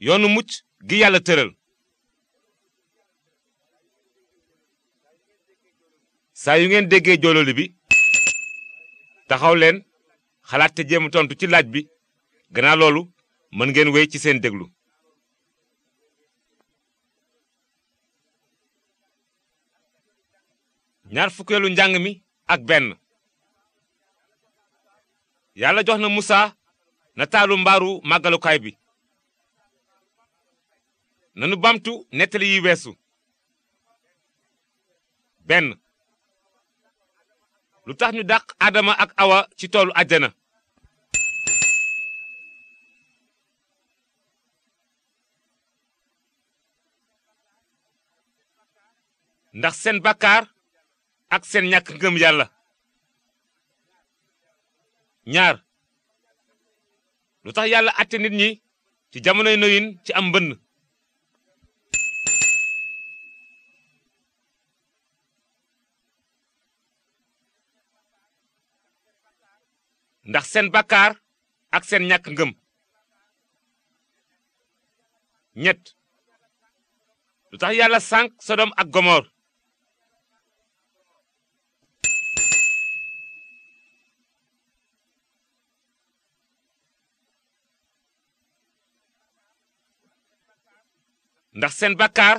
yoonu mucc gi yàlla tëral saa yu ngeen déggee joololi bi taxaw leen xalaat te jéem tontu ci laaj bi gannaaw loolu mën ngeen wéy ci seen déglu ñaar fukkeelu njàng mi ak benn yàlla jox na musa nataalu mbaaru màggalukaay bi nanu bamtu nettali yi weesu benn lu tax ñu dàq Adama ak Awa ci toolu àjjana ndax seen bakkaar ak seen ñàkk ngëm yàlla ñaar lu tax yàlla àtte ñi ci jamonoy noyin ci am mbënn ndax seen bakkaar ak seen ñàkk ngëm ñett lu tax yàlla sànq sodom ak gomor ndax seen bakkaar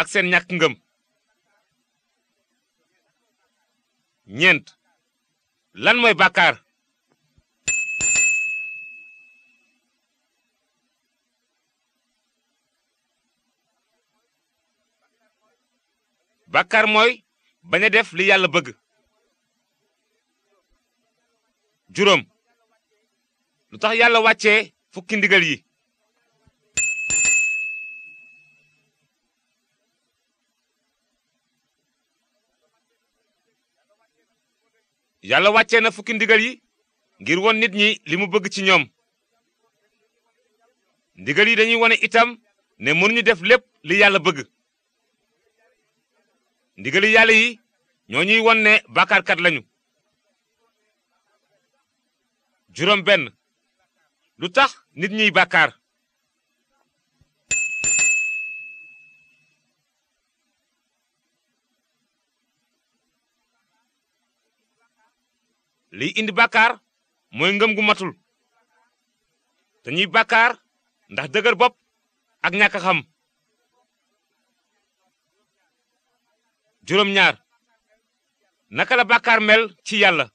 ak seen ñàkk ngëm ñeent lan mooy bakkaar bakar mooy bañ a def li yàlla bëgg juróom lu tax yàlla wàccee fukki ndigal yi yàlla wàccee na fukki ndigal yi ngir won nit ñi li mu bëgg ci ñoom ndigal yi dañuy wone itam ne mënuñu def lépp li yàlla bëgg ndigali yàlla yi ñoo ñuy wone ne bàkkaarkat lañu juróom benn lu tax nit ñiy bàkkaar liy indi bàkkaar mooy ngëm gu matul dañuy bàkkaar ndax dëgër bopp ak ñàkk juróom ñaar naka la bàkkaar mel ci yàlla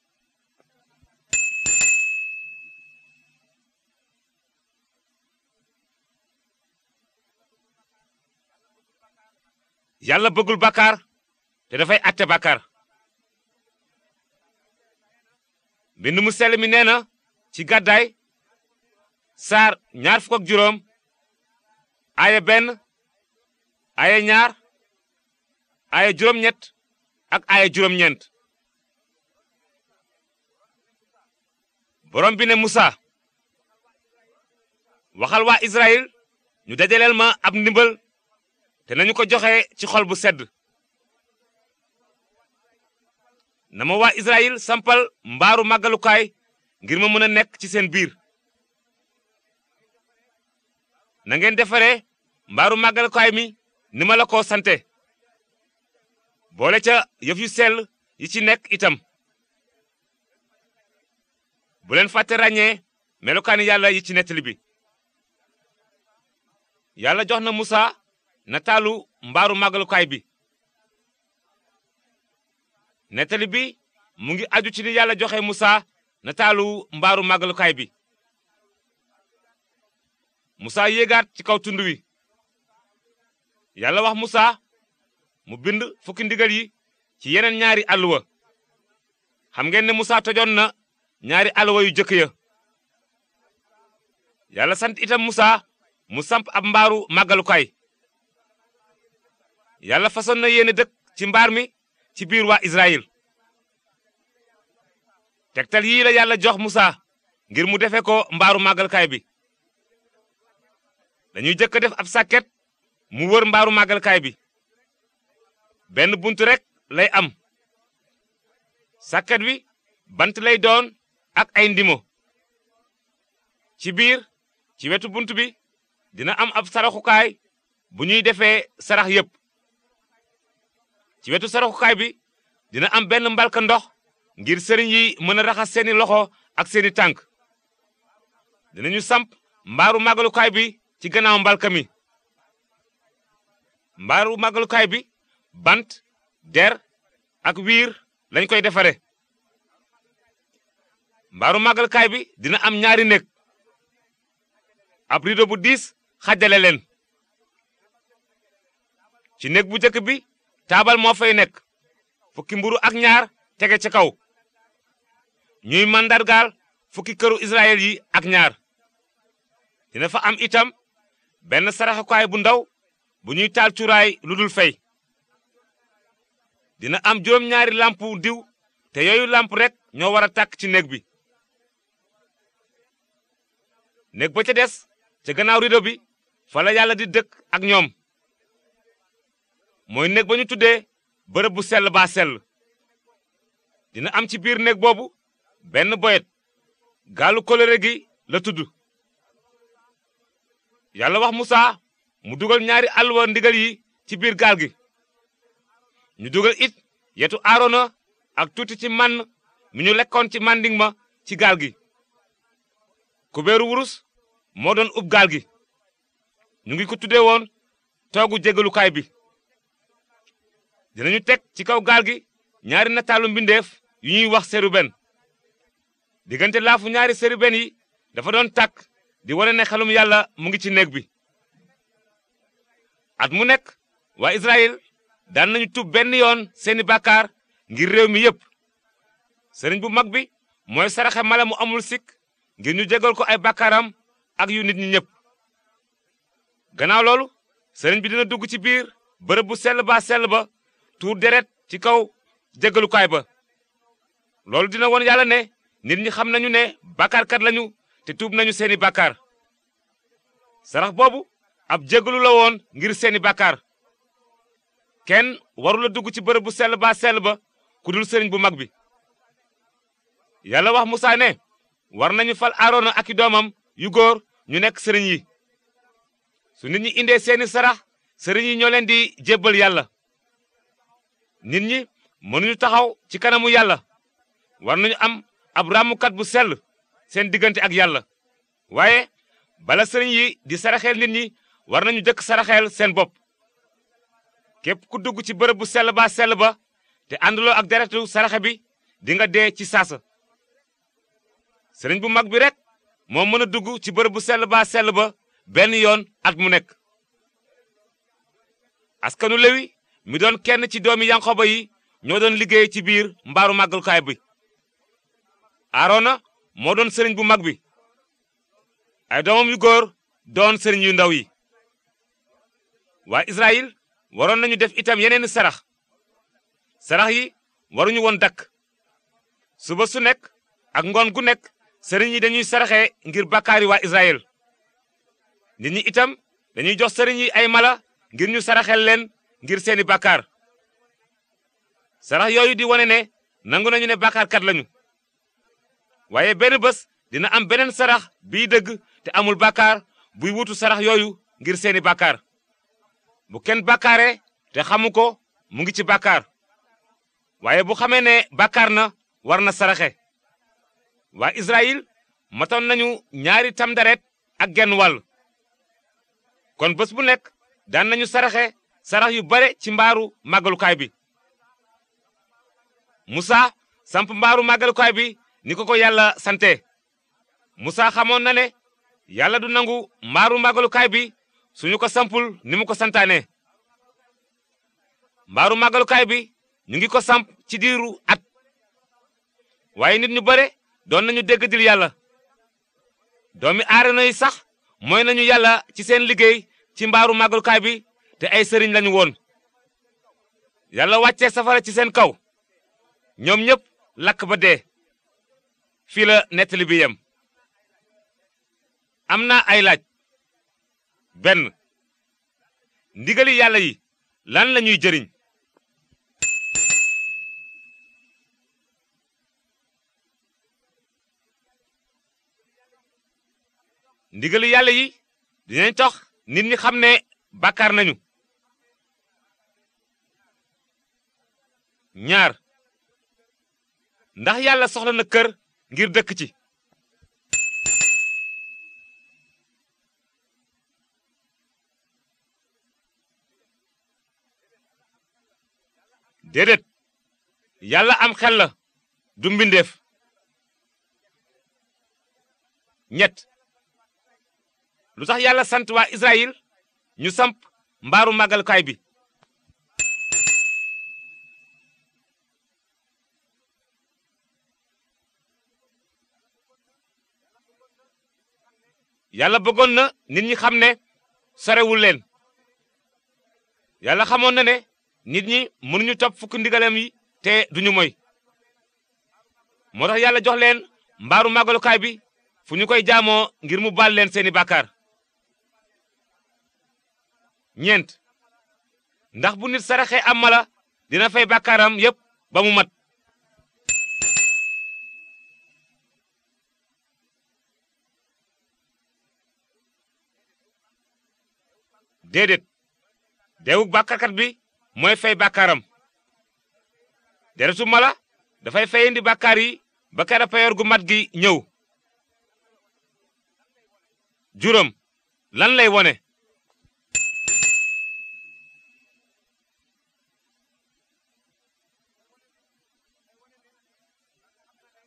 yàlla bëggul bàkkaar te dafay àtte bàkkaar mbind mu sell mi nee na ci gàddaay saar ñaar fukk juróom aaya benn aaya ñaar aaya juróom ak aaya juróom-ñeent bi ne Musa waxal waa Israyil ñu dajaleel ma ab ndimbal te nañu ko joxe ci xol bu sedd nama ma waa Israyil sampal mbaaru màggalukaay ngir ma mën a nekk ci seen biir na ngeen defaree mbaaru màggalukaay mi ni ma la ko sante boole ca yëf yu sell yi ci nekk itam bu leen fàtte ràññee melokaani yàlla yi ci nettali bi yàlla jox na musa nataalu mbaaru màggalukaay bi nettali bi mu ngi aju ci ni yàlla joxe musa nataalu mbaaru màggalukaay bi musa yéegaat ci kaw tund wi yàlla wax musa mu bind fukki ndigal yi ci yeneen ñaari àlluwa xam ngeen ne Musaa tojoon na ñaari àlluwa yu jëkk ya yàlla sant itam Musaa mu samp ab mbaaru màggalukaay yàlla fasoon na yéene dëkk ci mbaar mi ci biir waa Israyil tegtal yii la yàlla jox Musaa ngir mu defe ko mbaaru màggalukaay bi dañuy jëkk def ab sàkket mu wër mbaaru màggalukaay bi benn bunt rek lay am sàkket wi bant lay doon ak ay ndimo ci biir ci wetu bunt bi dina am ab saraxukaay bu ñuy defee sarax yépp ci wetu saraxukaay bi dina am benn mbalka ndox ngir sëriñ yi mën a raxas seeni loxo ak seeni tànk dinañu samp mbaaru màggalukaay bi ci gannaaw mbalka mi mbaaru màggalukaay bi bant der ak wiir lañ koy defare mbaaru màggalkaay bi dina am ñaari néeg ab rido bu diis xajale leen ci néeg bu jëkk bi taabal moo fay nekk fukki mburu ak ñaar tege ci kaw ñuy màndargaal fukki këru israel yi ak ñaar dina fa am itam benn saraxukaay bu ndaw bu ñuy taal cuuraay lu dul fey dina am juróom-ñaari làmp diw te yooyu làmp rek ñoo war a tàkk ci néeg bi néeg ba ca des ca gannaaw rido bi fa yàlla di dëkk ak ñoom mooy néeg ba ñu tuddee bërëb bu sell baa sell dina am ci biir néeg boobu benn boyet gaalu kóllëre gi la tudd yàlla wax musaa mu dugal ñaari alluwa ndigal yi ci biir gaal gi ñu dugal it yetu aarona ak tuuti ci man mi ñu lekkoon ci manding ci gaal gi kubéeru wurus moo doon ub gaal gi ñu ngi ko tuddee woon toogu jégalukaay bi dinañu teg ci kaw gaal gi ñaari nataalu mbindeef yu ñuy wax seruben diggante laafu ñaari seruben yi dafa doon tàkk di wane ne xelum yàlla mu ngi ci néeg bi at mu nekk waa Israël daan nañu tub benn yoon seeni bàkkaar ngir réew mi yépp sëriñ bu mag bi mooy saraxe mala mu amul sikk ngir ñu jégal ko ay bàkkaaram ak yu nit ñi ñëpp ganaaw loolu sëriñ bi dina dugg ci biir bërëb bu sell baa sel ba tuur deret ci kaw jégalukaay ba loolu dina won yàlla ne nit ñi xam nañu ne bàkkaarkat lañu te tuub nañu seeni bàkkaar sarax boobu ab jégalu la woon ngir seeni bàkkaar kenn warula dugg ci bërëb bu sell baa sel ba ku sëriñ bu mag bi yàlla wax musaa ne war nañu fal aarona ak i doomam yu góor ñu nekk sëriñ yi su nit ñi indee seeni sarax sëriñ yi ñoo leen di jébbal yàlla nit ñi mënuñu taxaw ci kanamu yàlla war nañu am ab ràmmukat bu sel seen diggante ak yàlla waaye bala sëriñ yi di saraxeel nit ñi war nañu jëkk saraxeel seen bopp képp ku dugg ci bërëb bu sel baa sell ba te ànduloo ak deretu saraxe bi di nga dee ci saasa sëriñ bu mag bi rekk moo mën a dugg ci bërëb bu sel baa sell ba benn yoon at mu nekk askanu lewi mi doon kenn ci doomi ba yi ñoo doon liggéey ci biir mbaaru màggalukaay bi aarona moo doon sëriñ bu mag bi ay doomam yu góor doon sëriñ yu ndaw yi waa israyil waroon nañu def itam yeneen sarax sarax yi waruñu woon dakk suba su nekk ak ngoon gu nekk sëriñ yi dañuy saraxee ngir bàkkaari waa Israël nit itam dañuy jox sëriñ yi ay mala ngir ñu saraxel leen ngir seeni bàkkaar sarax yooyu di wane ne nangu nañu ne bàkkaarkat lañu waaye benn bës dina am beneen sarax bii dëgg te amul bàkkaar buy wutu sarax yooyu ngir seeni bàkkaar bu kenn bàkkaare te xamu ko mu ngi ci bàkkaar waaye bu xamee ne bàkkaar na war na saraxe waa Israyil matoon nañu ñaari tam deret ak genn wàll kon bés bu nekk daan nañu saraxe sarax yu bare ci mbaaru màggalukaay bi musa samp mbaaru màggalukaay bi ni ko ko yàlla sante musa xamoon na ne yàlla du nangu mbaaru màggalukaay bi suñu ko sampul ni mu ko santaane mbaaru màggalukaay bi ñu ngi ko samp ci diiru at waaye nit ñu bare doon nañu dégg dil yàlla doomi aareno yi sax mooy nañu yàlla ci seen liggéey ci mbaaru màggalukaay bi te ay sëriñ lañu woon yàlla wàccee safara ci seen kaw ñoom ñépp lakk ba dee fii la nettali bi yem am na ay laaj benn ndigali yàlla yi lan lañuy jëriñ jëriñ ndigali yàlla yi dinañ tox nit ñi xam ne bàkkaar nañu ñaar ndax yàlla soxla na kër ngir dëkk ci déedéet yàlla am xel la du mbindeef ñett lu tax yàlla sant waa Israyil ñu samp mbaaru màggalukaay bi yàlla bëggoon na nit ñi xam ne sorewul leen yàlla xamoon na ne nit ñi mënuñu topp fukki ndigalam yi te duñu moy moo tax yàlla jox leen mbaaru màggalukaay bi fu ñu koy jaamoo ngir mu baal leen seeni bàkkaar ñent ndax bu nit saraxee am mala dina fay bàkkaaram yépp ba mu mat déedéet deewuk bàkkaarkat bi mooy fay bàkkaaram deretu mala dafay fayindi bàkkaar yi ba kera payoor gu mat gi ñëw juróom lan lay wone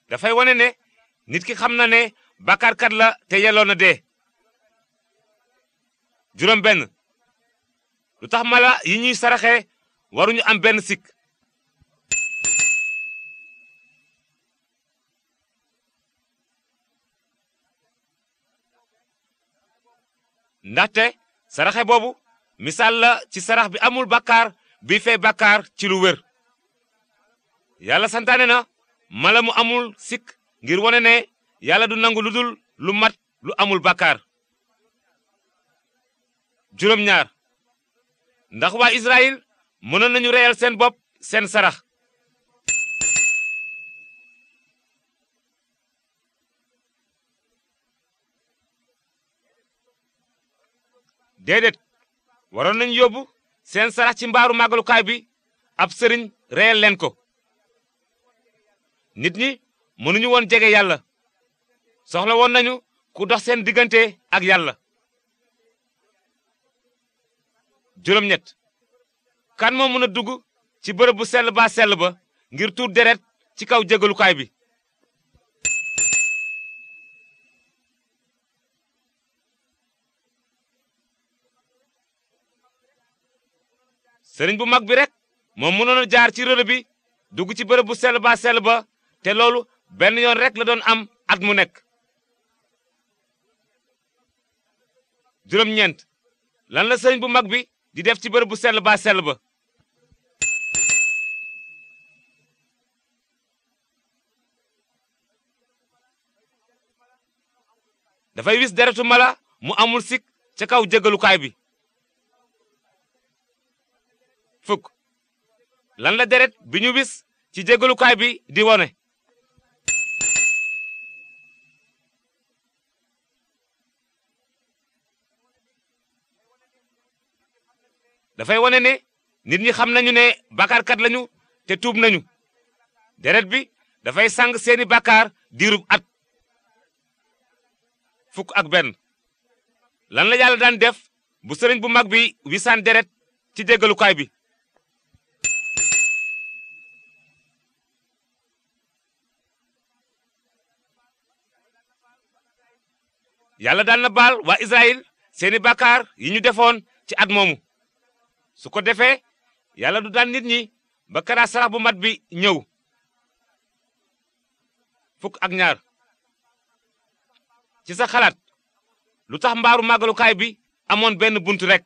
dafay wone ne nit ki xam na ne bàkkaarkat la te yelloo na dee juróom benn lu tax mala yi ñuy saraxe waruñu am benn sikk ndaxte saraxe boobu misaal la ci sarax bi amul bàkkaar bi fay bàkkaar ci lu wér yàlla santaane na mala mu amul sikk ngir wone ne yàlla du nangu lu dul lu mat lu amul bàkkaar juróom ndax waa Israël mënoon nañu reyal seen bopp seen sarax déedéet waroon nañu yóbbu seen sarax ci mbaaru màggalukaay bi ab sëriñ reyal leen ko nit ñi mënuñu woon jege yàlla soxla woon nañu ku dox seen diggante ak yàlla juróom-ñett kan moo mën a dugg ci bërëb bu sel baa sell ba ngir tuur deret ci kaw jégalukaay bi sëriñ bu mag bi rek moom mënoon a jaar ci rëdd bi dugg ci bërëb bu sel baa sell ba te loolu benn yoon rek la doon am at mu nekk juróom-ñeent lan la sëriñ bu mag bi di def ci bërëb bu sell baa sell ba dafay wis deretu mala mu amul sikk ca kaw jégalukaay bi fukk lan la deret bi ñu wis ci jégalukaay bi di wone dafay wone ne nit ñi xam nañu ne bàkkaarkat lañu te tuub nañu deret bi dafay sàng seeni bàkkaar diirub at fukk ak benn lan la yàlla daan def bu sëriñ bu mag bi wisaan deret ci déggalukaay bi yàlla daan na baal waa Israël seeni bakaar yi ñu defoon ci at moomu su ko defee yàlla du daan nit ñi ba kara sarax bu mat bi ñëw fukk ak ñaar ci sa xalaat lu tax mbaaru màggalukaay bi amoon benn bunt rek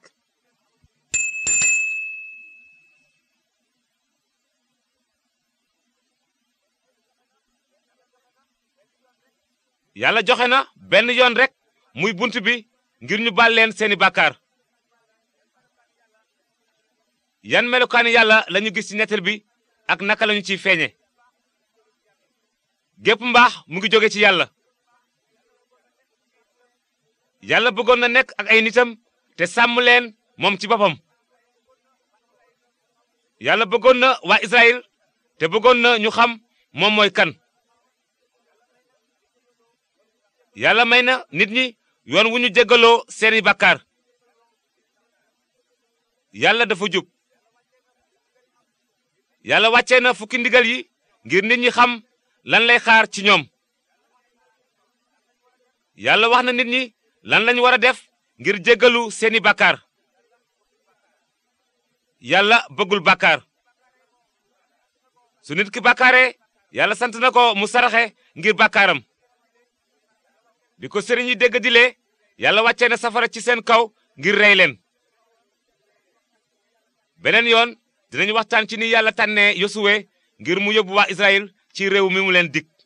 yàlla joxe na benn yoon rek muy bunt bi ngir ñu baal leen seeni bàkkaar yan melokaani yàlla lañu gis ci nettal bi ak naka lañu ciy feeñe gépp mbaax mu ngi jóge ci yàlla yàlla bëggoon na nekk ak ay nitam te sàmm leen moom ci boppam yàlla bëggoon na waa Israël te bëggoon na ñu xam moom mooy kan yàlla may na nit ñi yoon wu ñu jéggaloo seeni bàkkaar yàlla dafa jub yàlla wàccee na fukki ndigal yi ngir nit ñi xam lan lay xaar ci ñoom yàlla wax na nit ñi lan lañ war a def ngir jéggalu seeni bàkkaar yàlla bëggul bàkkaar su nit ki bàkkaaree yàlla sant na ko mu saraxe ngir bàkkaaram bi ko sëriñ yi dégg dilee yàlla wàccee na safara ci seen kaw ngir rey leen beneen yoon dinañu waxtaan ci ni yàlla tànnee yosuwe ngir mu yóbbu waa Israël ci réew mi mu leen dik